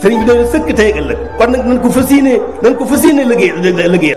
sëriñ bi daal sëkk tey ëllëg kon nag nañ ko fas yéene nañ ko fas yéene liggéey liggéey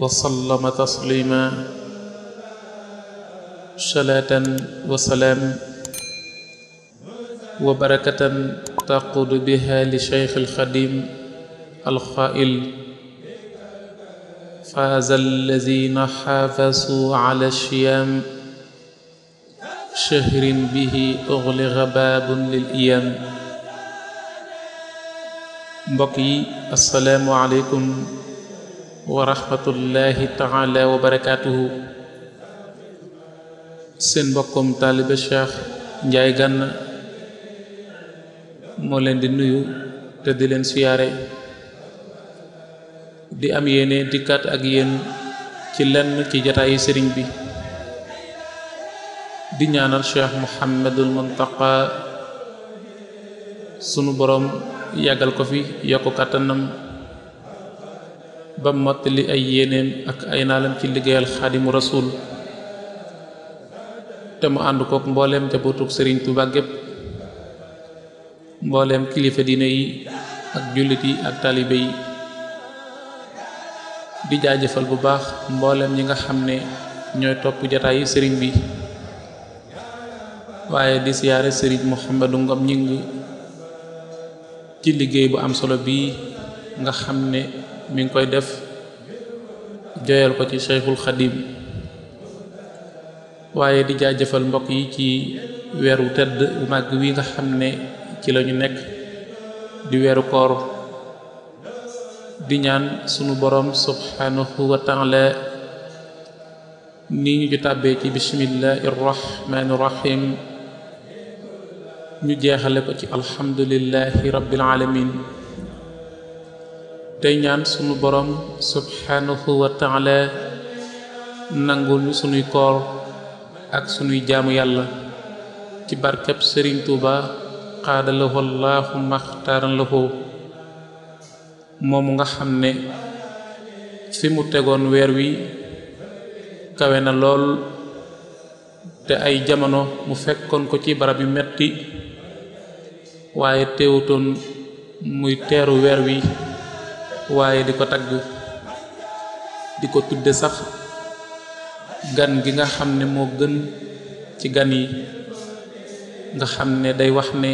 وسلم تسليما صلاة وسلام وبركة تقود بها لشيخ الخديم القائل فاز الذين حافظوا على الشيام شهر به أغلق باب للأيام mbokk yi asalaamualeykum wa rahmatullahi taala wa barakaatuhu seen mbokkum taalibe Cheikh Njaay Gànna moo leen di nuyu te di leen siyaare di am yéene dikkaat ak yéen ci lenn ci jataayu sëriñ bi di ñaanal Cheikh Muhammadul Muntaqa sunu boroom yàggal ko fi yokk ba mottali ay yéeneem ak ay naalam ci liggéeyal xaadimu rasul te mu ànd kook mbooleem jabootug sëriñ Tuubaa gépp mbooleem kilifa diine yi ak jullit yi ak taalibe yi di jaajëfal bu baax mbooleem ñi nga xam ne ñooy topp jataayu sëriñ bi waaye di siyaare sëriñ Mouhamadou Ngom ñing ci liggéey bu am solo bii nga xam ne mi ngi koy def joyal ko ci Cheikhul Xadim waaye di jaajëfal mbokk yi ci weeru tedd màgg wi nga xam ne ci lañu nekk di weeru koor di ñaan sunu boroom subhanahu wa taala ni ñu ci tàbbee ci bismillahi rahmani rahim ñu jeexale ko ci alhamdulillahi rabbil alamin tey ñaan sunu borom subhanahu wa taala nangul sunuy koor ak sunuy jaamu yàlla ci barkab sëriñ tuuba xaadalahu allahu maxtaaran lahu moomu nga xam ne fi mu tegoon weer wi kawe na lool te ay jamono mu fekkoon ko ci barab yu metti waaye teewutoon muy teeru weer wi waaye di ko tagg di ko tudde sax gan gi nga xam ne moo gën ci gan yi nga xam ne day wax ne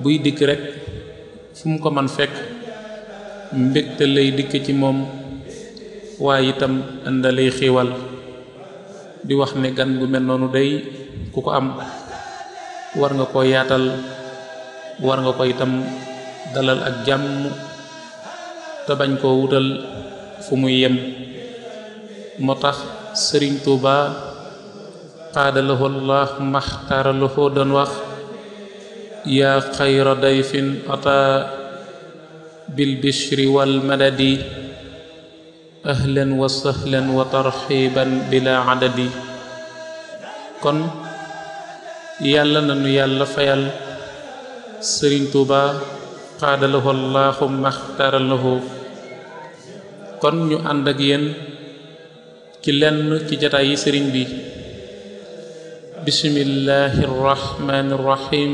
buy dikk rekk fu mu ko man fekk mbégte lay dikk ci moom waaye itam indalay xiiwal di wax ne gan gu mel noonu day ku ko am war nga koo yaatal war nga ko itam dalal ak jàmm te bañ koo wutal fu muy yem moo tax sëriñ tuuba qaadalahu allah maxtaaralahu doon wax yaa xayra dayfin ata bil bishri wal madadi ahlan wa sahlan wa tarxiban bila adadi kon yàlla nanu yàlla fayal sëriñ tuuba qaadalahu allahu maxtaaralahu kon ñu ànd ak yéen ci lenn ci jataay yi sëriñ bi bismillahi rrahmani rrahim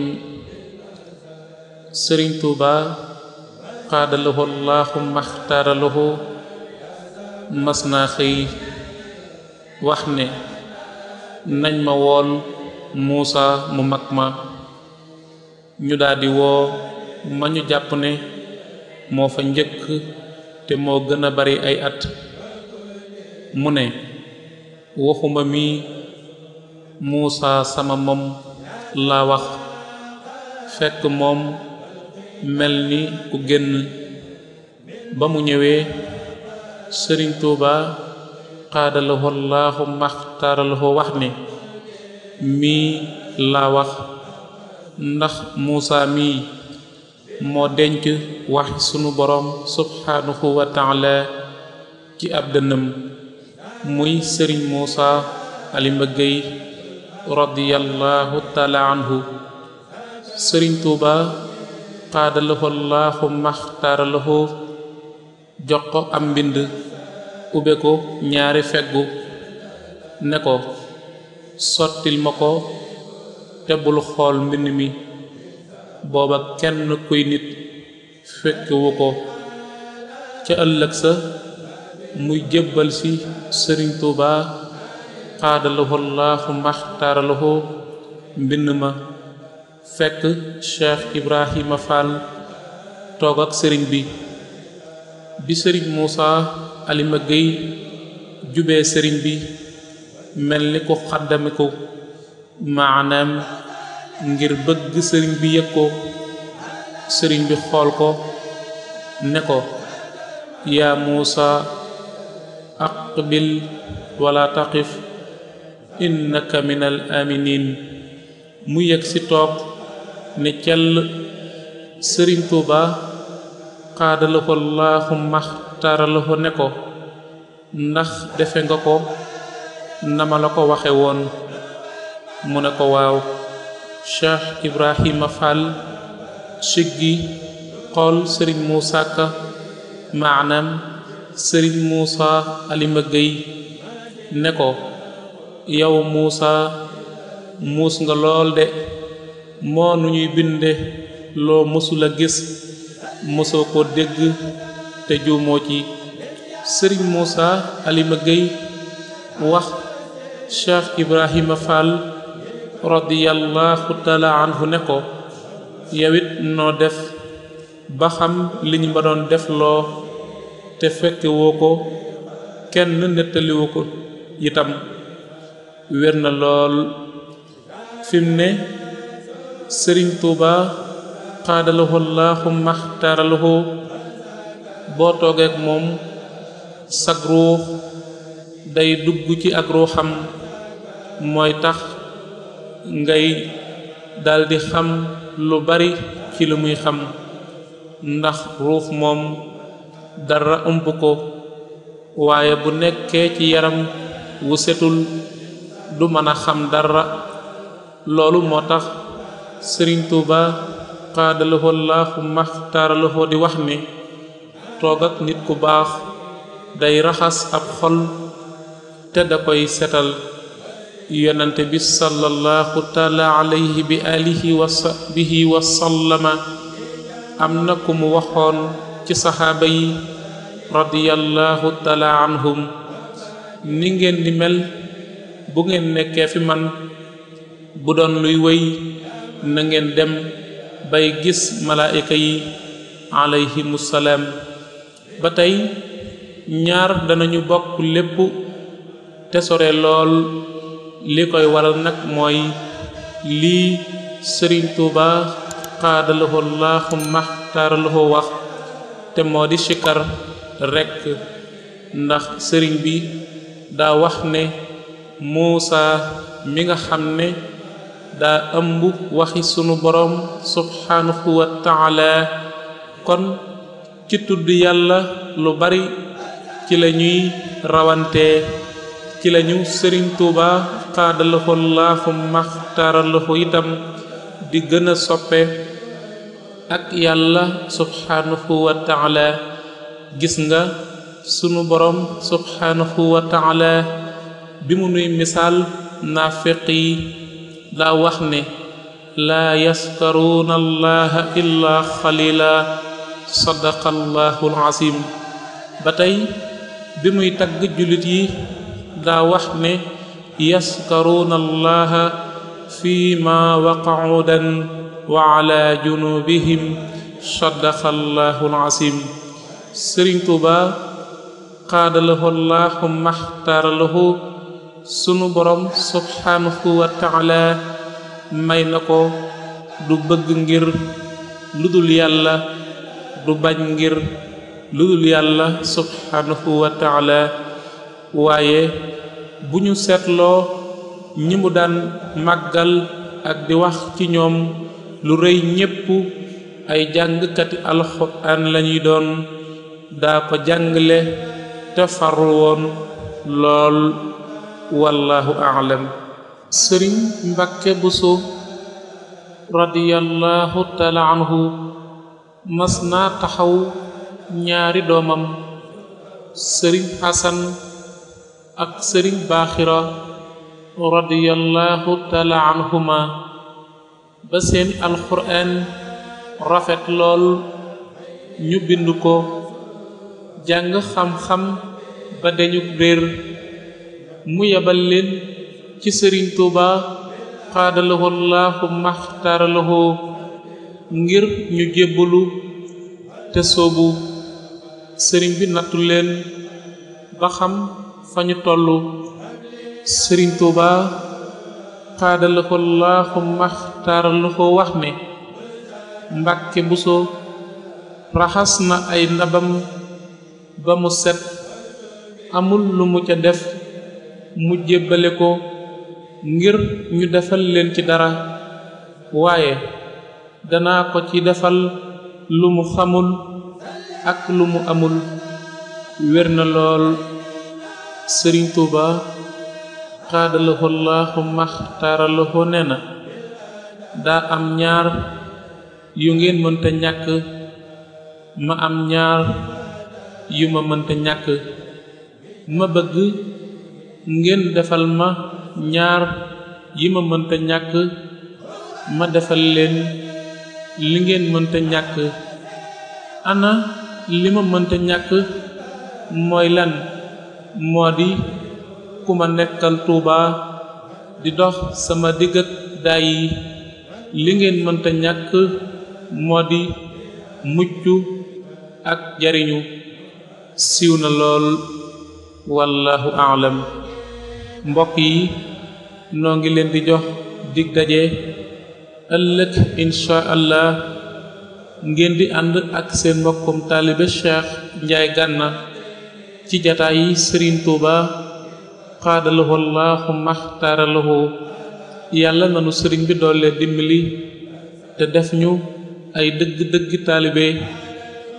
sëriñ tuuba qaadalahu allahu maxtaaralahu mas naa xëy wax ne nañ ma woon muusa mu mag ma ñu daldi woo ma ñu jàpp ne moo fa njëkk te moo gën a bari ay at mu ne waxuma mi Muusa sama moom laa wax fekk moom mel ni ku génn ba mu ñëwee sëriñ Tuuba xaadalaho laaxu maxtaaralaho wax ni mii laa wax ndax Muusa mii moo denc wax sunu boroom subhaanahu wa taala ci ab dënnam muy sëriñ Moussa Alima Gueye radiyallahu taala anhu sëriñ Tuuba xaadalaho laaxu maxtaaralaho jox ko am mbind ube ko ñaari feggu ne ko sottil ma ko te bul xool mbind mi booba kenn kuy nit fekkwu ko ca ëllëg sa muy jébbal ci sëriñ tuuba xaadalahu laahu maxtaaralahu mbind ma fekk cheikh ibrahima fall toog ak sëriñ bi bi sëriñ muusa alima géy jube sëriñ bi mel ni ko xaddamiku maanaam ngir bëgg sëriñ bi yëg ko sëriñ bi xool ko ne ko yaa muusa aqbil wala taqif innaka minal aminin mu yëg ci toog ne cell sëriñ tuuba xaadala ko laaxu max taarala ko ne ko ndax defe nga ko nama la ko waxe woon mu ne ko waaw cheikh ibrahima fall siggi xool sëriñ muusa ka maanaam sëriñ muusa alima géy ne ko yow muusa muus nga lool de moo nu ñuy binde loo mësula gis mësoo ko dégg te juumoo ci sëriñ muusa alima géy wax cheikh ibrahima fall radiyallahu taala anhu ne ko yawit noo def ba xam li ñu ma doon def loo te fekke woo ko kenn nettaliwu ko itam wér na lool fi ne sëriñ tuuba xaadalahu laaxu boo toogeek moom sag ruux day dugg ci ak ruuxam mooy tax ngay daldi xam lu bari ci lu muy xam ndax ruux moom dara ëmb ko waaye bu nekkee ci yaram wu setul du mën a xam dara loolu moo tax sëriñ tuuba xaadalaho laaxu maxtaaralaho di wax ne toog ak nit ku baax day raxas ab xol te da koy setal yonante bi sallallahu taala alayhi bi alihi wa sahbihi wa am na ku mu waxoon ci saxaaba yi radiyallahu taala anhum ni ngeen di mel bu ngeen nekkee fi man bu doon luy wéy na ngeen dem bay gis malaayika yi alayhimu salaam ba tey ñaar danañu bokk lépp te sore lool li koy waral nag mooy lii sëriñ tuuba xaadalaho laaxumma taaralaho wax te moo di sikkar rekk ndax sëriñ bi daa wax ne muusa mi nga xam ne daa ëmb waxi sunu boroom subhaanahu wa kon ci tudd yàlla lu bari ci la ñuy rawante ci lañu sëriñ tuuba xaadalaxu laaxu maxtaralaxu itam di gën a soppe ak yàlla subhaanahu wa taala gis nga sunu borom subhaanahu wa taala bi mu nuy misaal naafiq yi wax ne laa yaskaruuna allaha illa xalila sadaqa allahu ba tey bi muy tagg jullit yi daa wax ne yaskaruuna allaha fi ma waqaudan wa junubihim sadaqa allahu alazim sëriñ tuuba qaadalahu allahu sunu borom subhanahu wa taala may na ko du bëgg ngir lu dul yàlla du bañ ngir lu dul yàlla subhanahu wa taala waaye bu ñu seetloo ñi mu daan màggal ak di wax ci ñoom lu rëy ñépp ay jàngkati alxuraan lañuy doon daa ko jàngale te farlu lool wallahu aalam sëriñ mbakke buso radiyallahu taala anhu mas naa taxaw ñaari doomam sëriñ xasan ak sëriñ baaxira radiyallahu taala ba seen alxuraan rafet lool ñu bind ko jàng xam-xam ba dañu réer mu yebal leen ci sëriñ tuuba xaadalahu llahu maxtaaralahu ngir ñu jébbalu te soobu sëriñ bi nattu ba xam fa ñu tollu sëriñ tuuba xaadala ko laaxu maxtaaral ko wax ne mbàkke buso raxas na ay ndabam ba mu set amul lu mu ca def mu jébbale ko ngir ñu defal leen ci dara waaye danaa ko ci defal lu mu xamul ak lu mu amul wér na lool sëriñ tuuba xaadalaxo laaxu max taaralaxo nee na daa am ñaar yu ngeen mënta ñàkk ma am ñaar yu ma mënta ñàkk ma bëgg ngeen defal ma ñaar yi ma mënta ñàkk ma defal leen li ngeen mënta ñàkk ana li ma mënta ñàkk mooy lan moo di ku ma nekkal Tuuba di dox sama diggat daay yi li ngeen mënta ñàkk moo di mucc ak jariñu siiw na lool wallahu aalam mbokk yi noo ngi leen di jox dig daje ëllëg insha allah ngeen di ànd ak seen mbokkum taalibe Cheikh Njaay Gànna ci jataayi sëriñ tuuba xaadalahu allahumma axtaaralahu yàlla nanu sëriñ bi doole dimbali te def ñu ay dëgg dëgg taalibe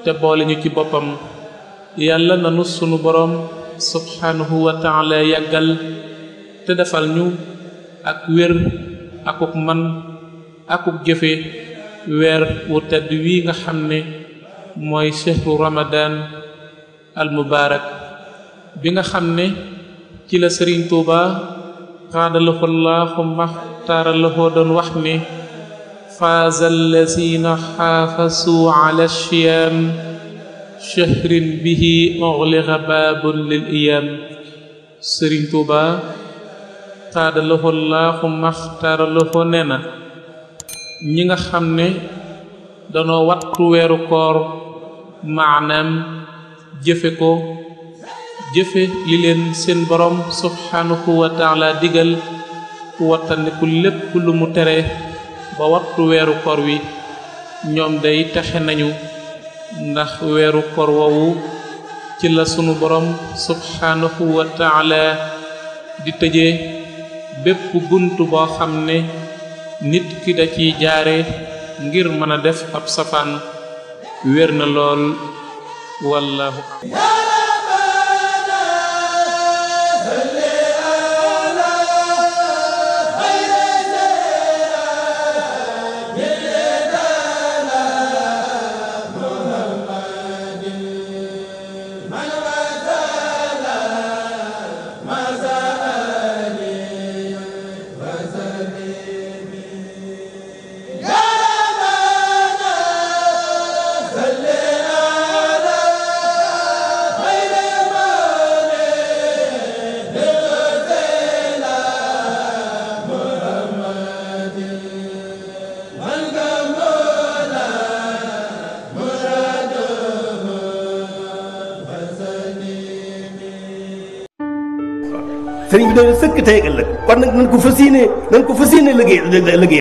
te boole ñu ci boppam yàlla nanu sunu boroom subhaanahu wa taala yàggal te defal ñu ak wér akuk man akuk jëfe weer wu tedd wii nga xam ne mooy shehru ramadan al mubaarak bi nga xam ne ci la sëriñ tuuba xaadalaxu laaxu maxtaaralaxu doon wax ne faaza allazina xaafasu ala shiyam shahrin bihi ughliqa baabun lil iyam sëriñ tuuba xaadalaxu laaxu maxtaaralaxu nee na ñi nga xam ne danoo wattu weeru koor maanaam jëfe ko jëfe li leen seen borom subhanahu wa taala digal wattandiku lépp lu mu tere ba waxtu weeru kor wi ñoom day taxe nañu ndax weeru kor woowu ci la sunu boroom subhanahu wa taala di tëjee bépp bunt boo xam ne nit ki da ciy jaare ngir mën a def ab safaan wér na lool wallahu sëriñ bi sëkk tey ak ëllëg kon nag nañ ko fas yéene nañ ko fas yéene liggéey liggéey